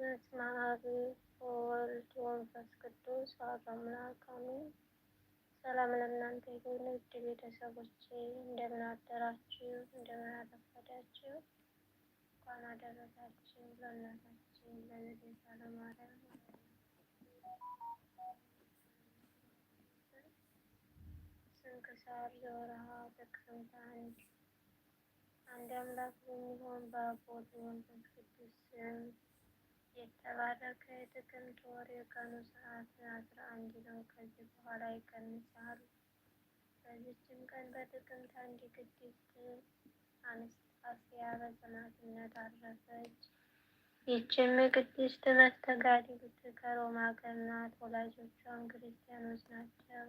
በስመ አብ ወወልድ ወመንፈስ ቅዱስ አሐዱ አምላክ አሜን። ሰላም ለእናንተ ይሁን ውድ ቤተሰቦቼ፣ እንደምን አደራችሁ? እንደምን አረፈዳችሁ? እንኳን አደረሳችሁ ለእናታችን ለንግሥት ማርያም ስንክሳር ዘወርኀ ጥቅምት አንድ አንድ አምላክ በሚሆን በአብ ወወልድ ወመንፈስ ቅዱስ ስም የተባረከ የጥቅምት ወር የቀኑ ሰዓት አስራ አንድ ነው። ከዚህ በኋላ ይቀንሳል። በዚችም ቀን በጥቅምት አንድ ቅድስት አንስጣስያ በሰማዕትነት አረፈች። ይችም ቅድስት መስተጋድልት ከሮማ ሀገር ናት። ወላጆቿም ክርስቲያኖች ናቸው።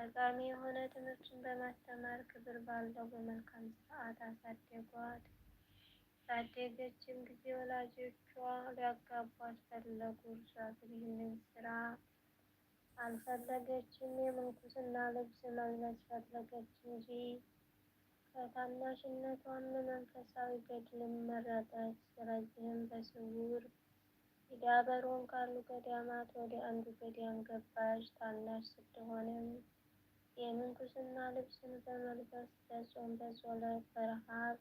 ጠቃሚ የሆነ ትምህርትን በማስተማር ክብር ባለው በመልካም ስርዓት አሳደጓት። ባደገችም ጊዜ ወላጆቿ ሊያጋቧት ፈለጉ። እርሷ ግን ይህንን ስራ አልፈለገችም። የምንኩስና ልብስ መልበስ ፈለገች እንጂ ከታናሽነቷም መንፈሳዊ ገድልን መረጠች። ስለዚህም በስውር ዳበሮን ካሉ ገዳማት ወደ አንዱ ገዳም ገባች። ታናሽ ስትሆንም የምንኩስና ልብስን በመልበስ በጾም በጸሎት በረሃብ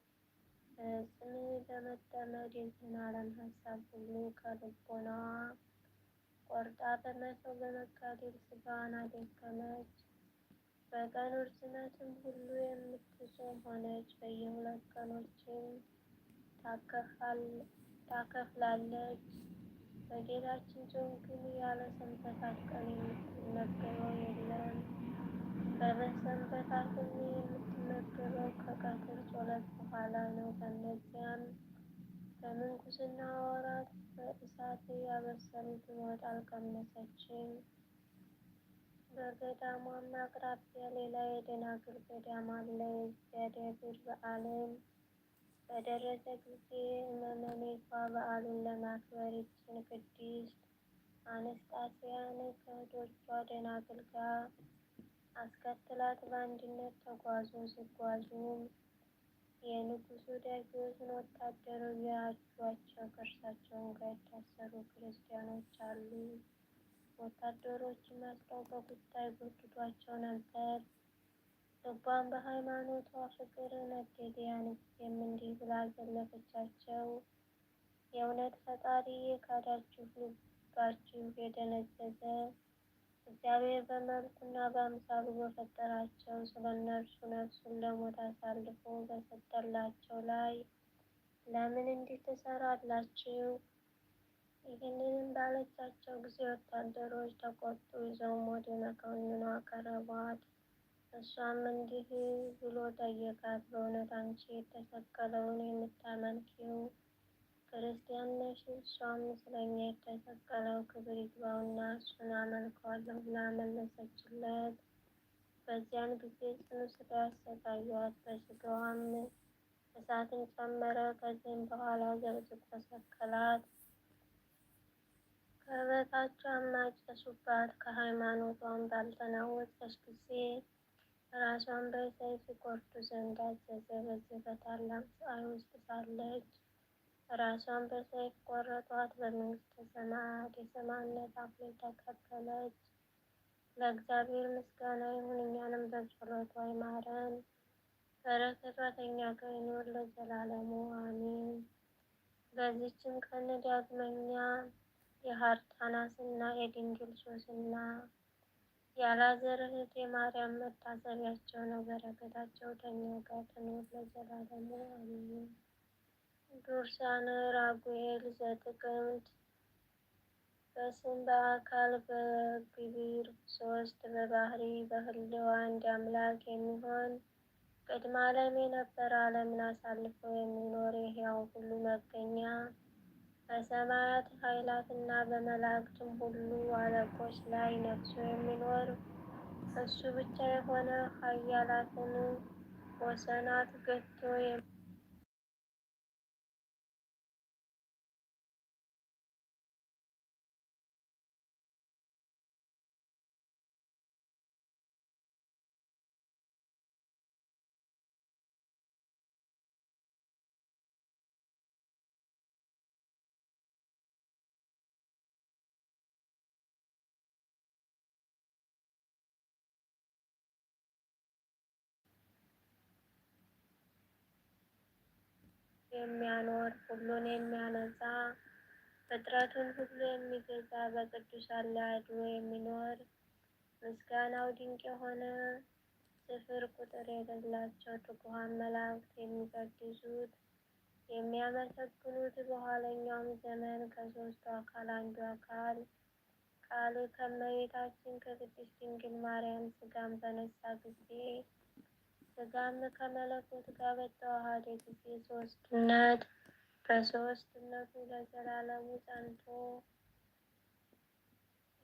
ጽኑ በመጠመድ የዝናርን ሀሳብ ሁሉ ከልቦናዋ ቆርጣ በመተው በመጋደል ስጋዋን አደከመች። በቀን ርዝመትም ሁሉ የምትጾም ሆነች። በየሁለት ቀኖችም ታከፍላለች። በጌታችን ጾም ግን ያለ ሰንበታት ቀን የምትመገበው የለም። በመሰንበታትም መደረግ ከቀትር ጸሎት በኋላ ነው። ከነዚያም በምንኩስና ወራት በእሳት ያበሰሉትን ወጥ አልቀመሰችም። በገዳሟም አቅራቢያ ሌላ የደናግል ገዳም አለ። የዚያ ደብር በዓልም በደረሰ ጊዜ መመኔቷ በዓሉን ለማክበር ይችን ቅድስት አነስጣስያን ከእህቶቿ ደናግል ጋር አስከትላት በአንድነት ተጓዙ። ሲጓዙም የንጉሱ ዳጊዎስን ወታደሩ ያጇቸው፣ ከእርሳቸውም ጋር የታሰሩ ክርስቲያኖች አሉ። ወታደሮች አስረው በቁጣ ይጎትቷቸው ነበር። ልቧን በሃይማኖቷ ፍቅር ነደደ። ያን ጊዜም እንዲህ ብላ ዘለፈቻቸው፣ የእውነት ፈጣሪ የካዳችሁ ልባችሁ የደነዘዘ እግዚአብሔር በመልኩና በአምሳሉ በፈጠራቸው ስለ እነርሱ ነፍሱን ለሞት አሳልፎ በሰጠላቸው ላይ ለምን እንዲህ ትሰራላችሁ? ይህንንም ባለቻቸው ጊዜ ወታደሮች ተቆጡ፣ ይዘው ሞት መኮንኑ አቀረቧት። እሷም እንዲህ ብሎ ጠየቃት፣ በእውነት አንቺ የተሰቀለውን የምታመልኪው ክርስቲያን ነሽ። እሷም ስለኛ የተሰቀለው ክብር ይግባውና እሱን አመልከዋለሁ ብላ መለሰችለት። በዚያን ጊዜ ጽኑ ስቃ ያሰቃያት፣ በስጋዋም እሳትን ጨመረ። ከዚህም በኋላ ዘብዝብ ተሰቀላት። ከበታቿም አጨሱባት። ከሃይማኖቷም ባልተናወጠች ጊዜ ራሷን በሰይፍ ይቆርጡ ዘንድ አዘዘ። በዚህ በታላቅ ስቃይ ውስጥ ሳለች ራሷን በሰይፍ ቆረጧት፣ በመንግሥተ ሰማያት የሰማዕትነት አክሊል ተቀበለች። ለእግዚአብሔር ምስጋና ይሁን፣ እኛንም በጸሎቷ ይማረን፣ በረከቷ ከእኛ ጋር ይኑር ለዘላለሙ አሜን። በዚችም ቀን ዳግመኛ የሀርጣናስና የድንግል ሶስና የአልዓዛር እህት የማርያም መታሰቢያቸው ነው። በረከታቸው ከእኛ ጋር ትኑር ለዘላለሙ አሜን። ድርሳነ ራጉኤል ዘጥቅምት በስም በአካል በግብር ሶስት በባህሪ በህልዋ አንድ አምላክ የሚሆን ቅድመ ዓለም የነበረ ዓለምን አሳልፎ የሚኖር የሕያው ሁሉ መገኛ በሰማያት ኃይላትና በመላእክትም ሁሉ አለቆች ላይ ነግሶ የሚኖር እሱ ብቻ የሆነ ኃያላትን ወሰናት ገቶ የሚያኖር ሁሉን የሚያነጻ ፍጥረቱን ሁሉ የሚገዛ በቅዱስ ላይ የሚኖር ምስጋናው ድንቅ የሆነ ስፍር ቁጥር የሌላቸው ትጉሃን መላእክት የሚቀድሱት የሚያመሰግኑት በኋለኛውም ዘመን ከሦስቱ አካል አንዱ አካል ቃሉ ከመቤታችን ከቅድስት ድንግል ማርያም ስጋን በነሳ ጊዜ ስጋም ከመለኮት ጋር በተዋሃደ ጊዜ ሶስትነት በሶስትነቱ ለዘላለሙ ጸንቶ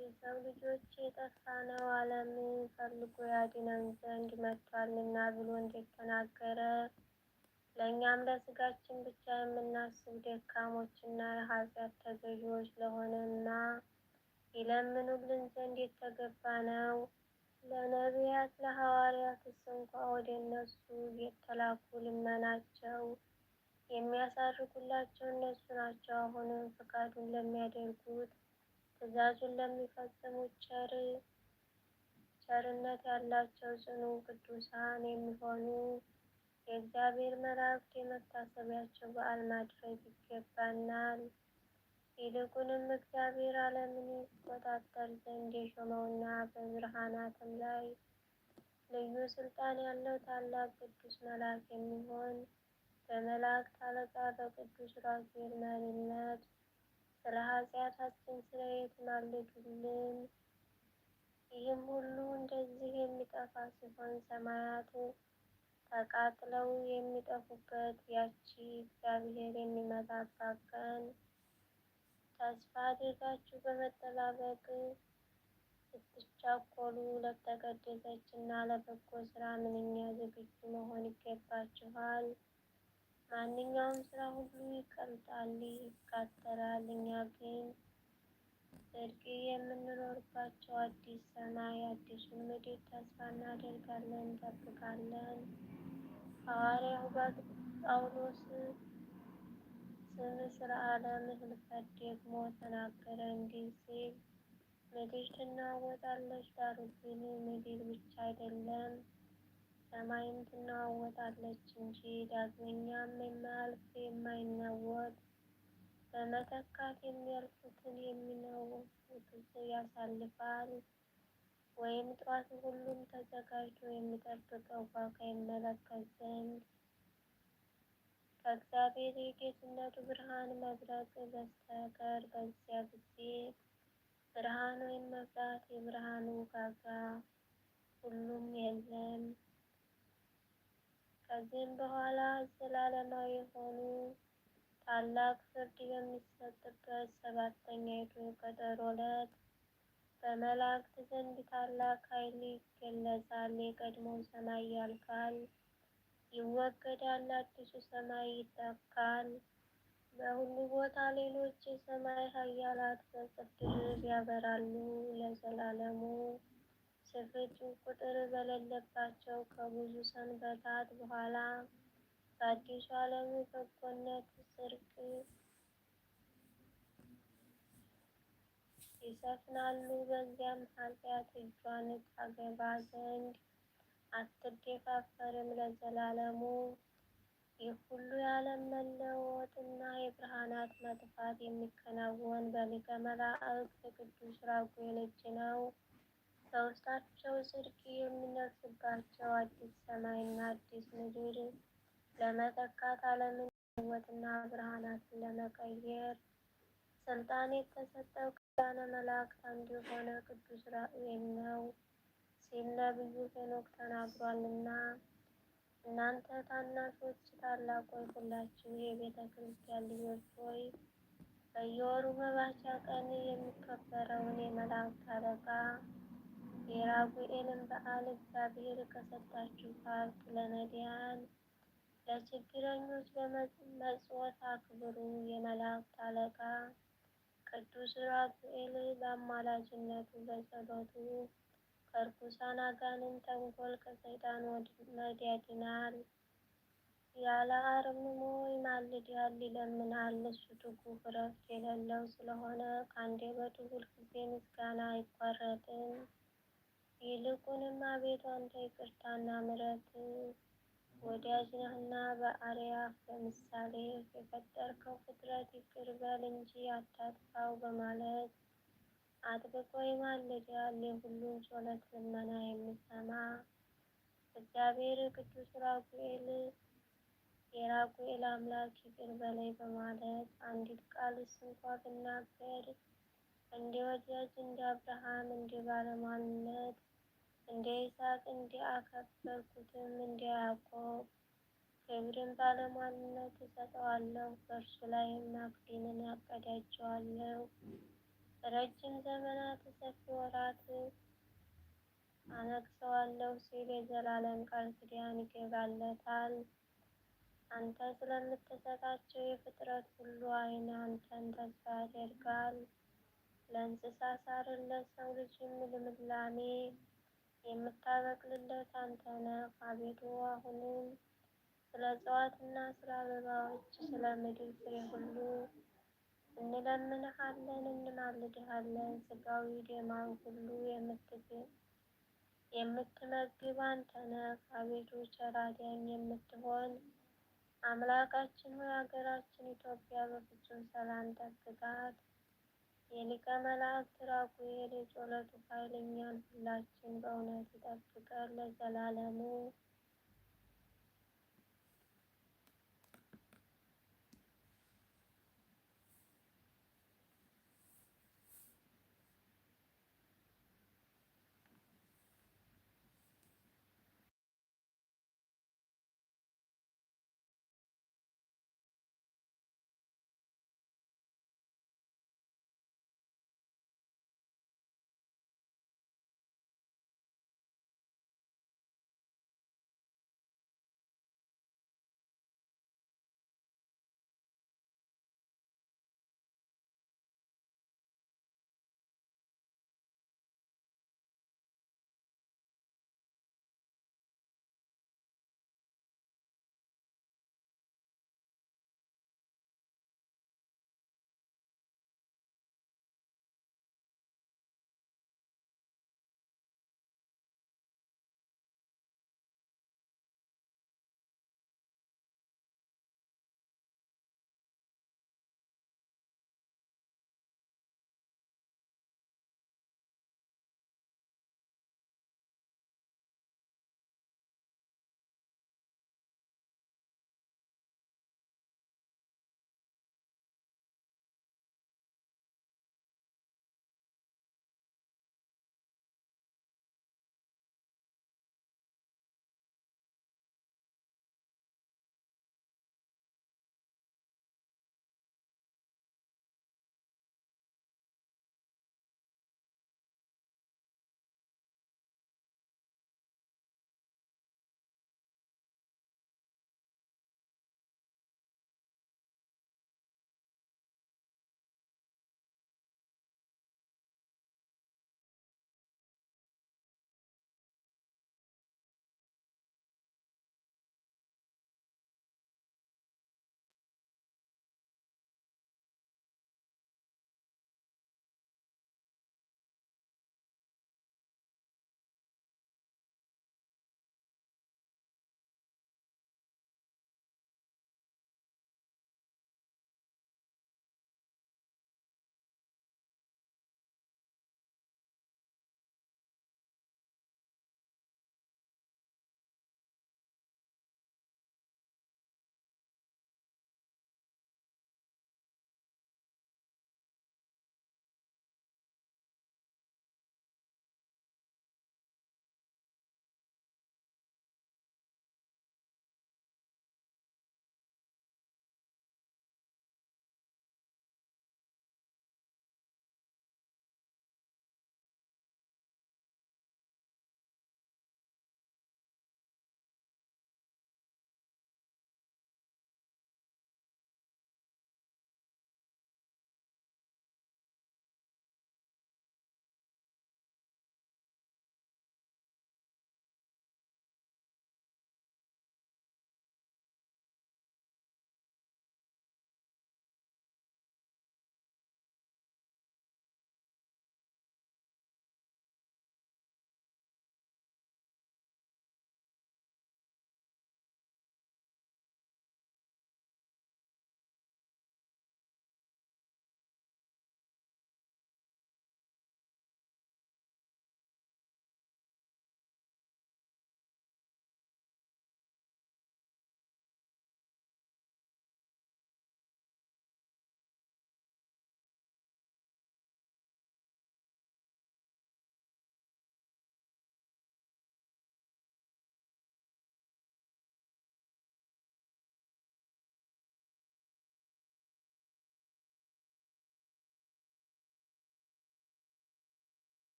የሰው ልጆች የጠፋነው ዓለምን ፈልጎ ያድነን ዘንድ መጥቷልና ብሎ እንደተናገረ ለእኛም ለስጋችን ብቻ የምናስብ ደካሞችና የኃጢአት ተገዢዎች ለሆነና ይለምኑልን ዘንድ የተገባ ነው። ለነቢያት ለሐዋርያትስ እንኳ ወደ እነሱ የተላኩ ልመናቸው የሚያሳርጉላቸው እነሱ ናቸው። አሁንም ፈቃዱን ለሚያደርጉት ትእዛዙን ለሚፈጽሙት ቸር ቸርነት ያላቸው ጽኑ ቅዱሳን የሚሆኑ የእግዚአብሔር መላእክት የመታሰቢያቸው በዓል ማድረግ ይገባናል። ይልቁንም እግዚአብሔር ዓለምን ይቆጣጠር ዘንድ የሾመውና በብርሃናትም ላይ ልዩ ስልጣን ያለው ታላቅ ቅዱስ መልአክ የሚሆን በመላእክት አለቃ በቅዱስ ራጉኤል መሪነት ስለ ኃጢአታችን ስርየት ማልድልን። ይህም ሁሉ እንደዚህ የሚጠፋ ሲሆን ሰማያት ተቃጥለው የሚጠፉበት ያቺ እግዚአብሔር የሚመጣባት ቀን ታስፋ በመጠባበቅ ስትቻኮሉ ለተቀደሰች እና ለበጎ ስራ ምንኛ ዝግጁ መሆን ይገባችኋል። ማንኛውም ስራ ሁሉ ይቀልጣል፣ ይቃጠላል። እኛ ግን ጽድቅ የምንኖርባቸው አዲስ ሰማይ አዲሱን ምድር ተስፋ እናደርጋለን፣ እንጠብቃለን። ሐዋርያው ጳውሎስ ስለ ዓለም ሕልፈት ደግሞ ተናገረን ጊዜ ምድር ትናወጣለች፣ ዳሩ ግን ምድር ብቻ አይደለም ሰማይም ትናወጣለች እንጂ። ዳግመኛም የማያልፍ የማይናወጥ በመተካት የሚያልፉትን የሚናወጡት ያሳልፋል። ወይም ጠዋት ሁሉም ተዘጋጅቶ የሚጠብቀው ዋጋ ይመለከት ዘንድ ከእግዚአብሔር የጌትነቱ ብርሃን መብረቅ በስተቀር በዚያ ጊዜ ብርሃን ወይም መብራት የብርሃኑ ጋጋ ሁሉም የለም። ከዚህም በኋላ ዘላለማዊ የሆኑ ታላቅ ፍርድ በሚሰጥበት ሰባተኛይቱ ቀጠሮ ዕለት በመላእክት ዘንድ ታላቅ ኃይል ይገለጻል። የቀድሞ ሰማይ ያልፋል። ይወገዳል፣ አዲሱ ሰማይ ይተካል። በሁሉ ቦታ ሌሎች የሰማይ ኃያላት በጽድቅ ያበራሉ ለዘላለሙ። ስፍቱ ቁጥር በሌለባቸው ከብዙ ሰንበታት በኋላ በአዲሱ ዓለም በጎነት ጽድቅ ይሰፍናሉ። በዚያም ኃጢአት እጇን ታገባ ዘንድ አትደፋፈርም ለዘላለሙ። ይህ ሁሉ የዓለም መለወጥና የብርሃናት መጥፋት የሚከናወን በሊቀ መላእክት ቅዱስ ራጉኤል እጅ ነው። በውስጣቸው ጽድቅ የሚነግስባቸው አዲስ ሰማይና አዲስ ምድር ለመተካት ዓለምን ለመለወጥና ብርሃናትን ለመቀየር ስልጣን የተሰጠው ከሊቃነ መላእክት አንዱ የሆነ ቅዱስ ራጉኤል ነው። ሲል ነቢዩ ሄኖክ ተናግሯልና እናንተ ታናሾች ታላቆች ሁላችሁ የቤተ ክርስቲያን ልጆች ሆይ በየወሩ መባቻ ቀን የሚከበረውን የመላእክት አለቃ የራጉኤልን በዓል እግዚአብሔር ከሰጣችሁ ሀብት ለነዳያን ለችግረኞች በመጽወት አክብሩ። የመላእክት አለቃ ቅዱስ ራጉኤል በአማላጅነቱ በጸሎቱ ከርኩሳን አጋንንት ተንኮል ከሰይጣን ወጥመድ ያድናል። ያለ አርምሞ ይማልዳል፣ ይለምናል። እሱ ትጉህ እረፍት የሌለው ስለሆነ ከአንደበቱ ሁልጊዜ ምስጋና አይቋረጥም። ይልቁንም አቤቱ አንተ ይቅርታና ምሕረት ወዳጅ ነህና በምሳሌ የፈጠርከው ፍጥረት ይቅር በል እንጂ አታጥፋው በማለት አጥብቆ ይማልዳል። የሁሉም ጸሎት ልመና የሚሰማ እግዚአብሔር ቅዱስ ራጉኤል የራጉኤል አምላክ ይቅር በላይ በማለት አንዲት ቃል ስንኳ ብናገር እንደ ወዳጅ እንደ አብርሃም እንደ ባለማንነት እንደ ይስሐቅ እንደ አከበርኩትም እንደ ያዕቆብ ክብርን ባለማንነት እሰጠዋለሁ፣ በእርሱ ላይም አክሊልን አቀዳጀዋለሁ። ረጅም ዘመናት ሰፊ ወራት አነግሰዋለሁ ሲል የዘላለም ቃል ኪዳን ይገባለታል። አንተ ስለምትሰጣቸው የፍጥረት ሁሉ ዓይን አንተን ተስፋ ያደርጋል። ለእንስሳ ሳርን ለሰው ልጅም ልምላሜ የምታበቅልለት አንተ ነህ። አቤቱ አሁንም ስለ እጽዋትና ስለ አበባዎች፣ ስለ ምድር ፍሬ ሁሉ እንለምንሃለን፣ እንማልድሃለን። ስጋዊ ደማን ሁሉ የምትመግብ አንተ ነህ። አቤቱ ቸር የምትሆን አምላካችን ሆይ ሀገራችን ኢትዮጵያ በፍጹም ሰላም ጠብቃት። የሊቀ መላእክት ራጉኤል የጸሎቱ ኃይል እኛን ሁላችን በእውነት ይጠብቀን ለዘላለሙ።